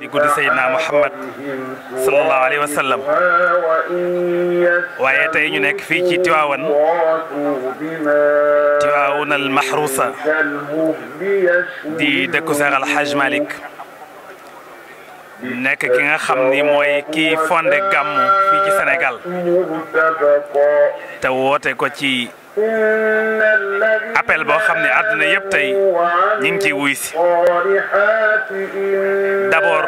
يقول سيدنا محمد صلى الله عليه وسلم وياتي ينك في تواون تواون المحروسة دي دكوزار الحاج مالك نك كي خمني موي كي فوند غام في السنغال تا ووتي كو appel boo xam ne àdduna yëpp tey ñu ngi ci wuy si d'abord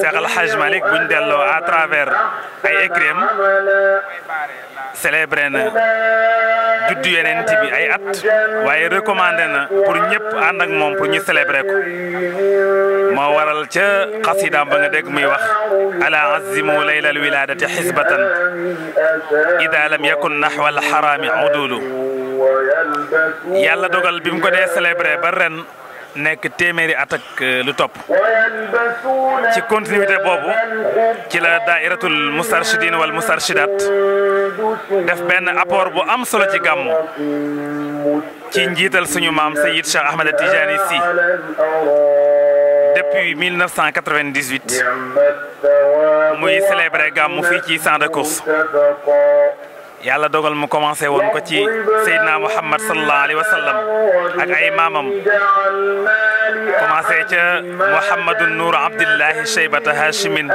Cheikh El Hadj Malick buñ delloo à travers ay écrits célébré na juddu yeneen bi ay at waaye recommandé na pour ñëpp ànd ak moom pour ñu célébrer ko moo waral ca xasidaam ba nga dégg muy wax ala azimu laylal wiladati xisbatan ida lam yakun naxwa alxaraami udul loolu yàlla dogal bi mu ko dee célébré ba ren nekk téeméeri at ak euh, lu topp ci continuité boobu ci la daairatul mustarshidin wala mustarshidat def benn apport bu am solo ci gàmmu ci njiital suñu maam Seyyid Cheikh Ahmed Tijani Sy depuis 1998 muy célébré gàmmu fii ci Sande yàlla dogal mu commencé woon ko ci Seydina Muhammad sallallahu alayhi wa sallam ak ay maamam commencé ca Muhammadu Nuur Abdillahi Cheybata Hashimin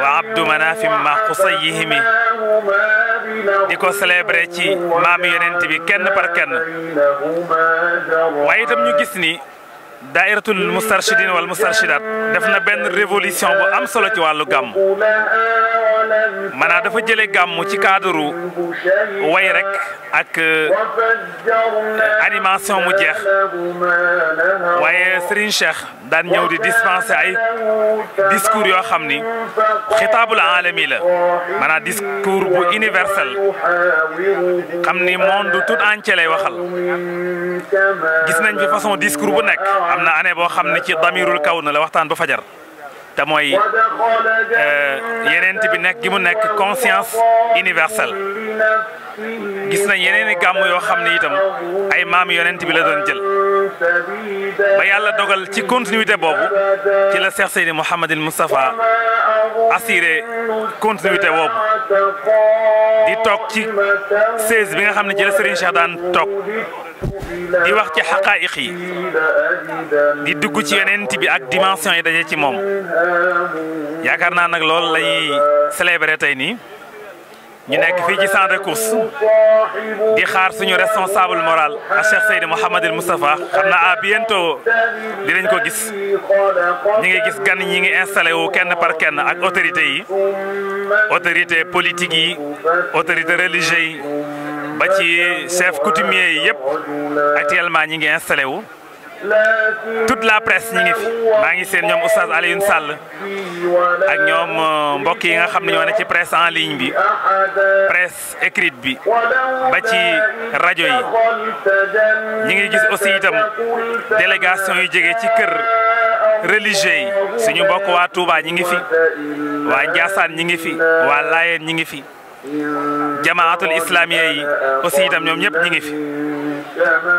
wa Abdu Manafim ma Xusayihimi di ko célébré ci maami yonent bi kenn par kenn waaye itam ñu gis ni daayiratul mustarshidin wal mustarshidat def na benn révolution bu am solo ci wàllu gàmm mana dafa jële gàmmu ci cadre way rek ak animation mu jeex waye Serigne Cheikh daan ñëw di dispenser ay discours yo xamni khitabul alami la mana discours bu universel xamni monde tout entier lay waxal gis nañ fi façon discours bu nek amna ané bo xamni ci damirul kaw la waxtaan ba fajar te mooy euh, yeneen bi nekk gi mu nekk conscience universelle gis nañ yeneen i gàmm yoo xam ne itam ay maam yonent bi la doon jël ba yàlla dogal ci continuité boobu ci la Cheikh Seydi Mouhamadul Moustapha assuré continuité boobu di toog ci 16 bi nga xam ne ci la Serigne Cheikh di wax ci xaqaayiq yi di dugg ci yonent bi ak dimension yi daje ci mom yaakaar naa nag loolu la célébrer tay ni ñu nekk fi ci centre de course di xaar suñu responsable moral a Cheikh Seydi mohammed El mustafa xamna na à bientôt lañ ko gis ñi ngi gis gan ñi ngi installé wu kenn par kenn ak autorité yi autorité politique yi autorité religieuse yi ba ci chef coutumier yi yëpp actuellement ñi ngi installé wu toute la presse ñi ngi fi maa ngi seen ñoom oustaz Alioune Sall ak ñoom euh, mbokk yi nga xam ne ñoo ne ci presse en ligne bi presse écrite bi ba ci rajo yi ñi ngi gis aussi itam délégation yu jógee ci kër religieux yi suñu mbokk waa Touba ñi ngi fi waa Ndiassane ñi ngi fi waa Layeen ñi ngi fi jamaatul islamiya yi aussi itam ñoom ñëpp ñi ngi fi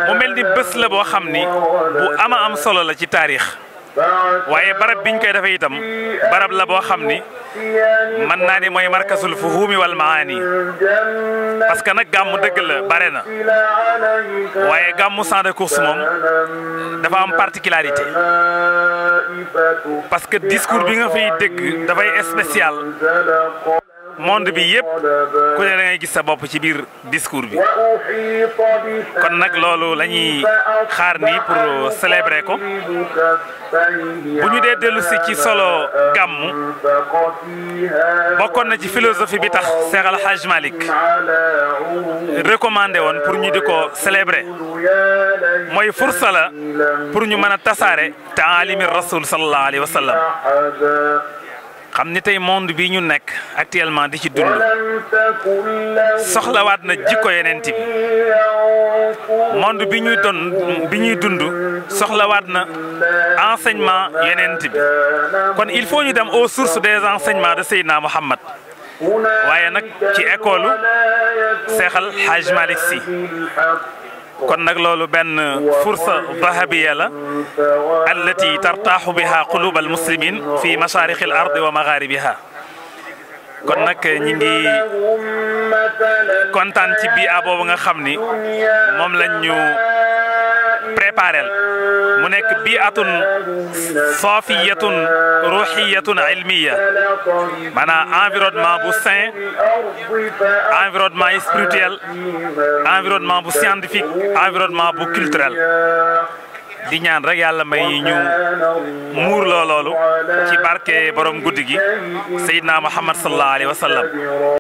mu mel ni bés la boo xam ni bu ama am solo la ci taarix waaye barab biñ koy defee itam barab la boo xam ni mën naa ni mooy markasul fuhumi wal maani parce que nag gàmmu dëgg la bare na waaye gàmmu champ de course moom dafa am particularité parce que discours bi nga fiy dégg dafay spécial monde bi yëpp ku ne da ngay gis sa bopp ci biir discours bi kon nag loolu lañuy xaar nii pour célébrer ko bu ñu dee dellu si ci solo gàmmu bokkoon na ci philosophie bi tax Cheikh Al Hadj Malick recommandé woon pour ñu di ko célébrer mooy fursa la pour ñu mën a tasaare te alimi rasul sallallahu alayhi xamni tay monde bi ñu nek actuellement di ci dund soxlawaat na jikko yeneen bi monde bi ñuy don bi ñuy dund soxlawaat na enseignement yeneen bi kon il faut ñu dem aux sources des enseignements de Seydina mohammed waye nak ci école seexal Hajj malik Sy كن نقل له بأن فرصة ذهبية التي ترتاح بها قلوب المسلمين في مشارق الأرض ومغاربها كن نك نيجي كن تنتبه أبو بن خمني مملنيو préparel mu nekk biatun saafiyatun ruuxiyatun ilmiya maanaam environnement bu sain environnement spirituel environnement bu scientifique environnement bu culturel di ñaan rek yàlla may ñu muur loo ci barke borom guddi gi Seydina Muhammad sallallahu alayhi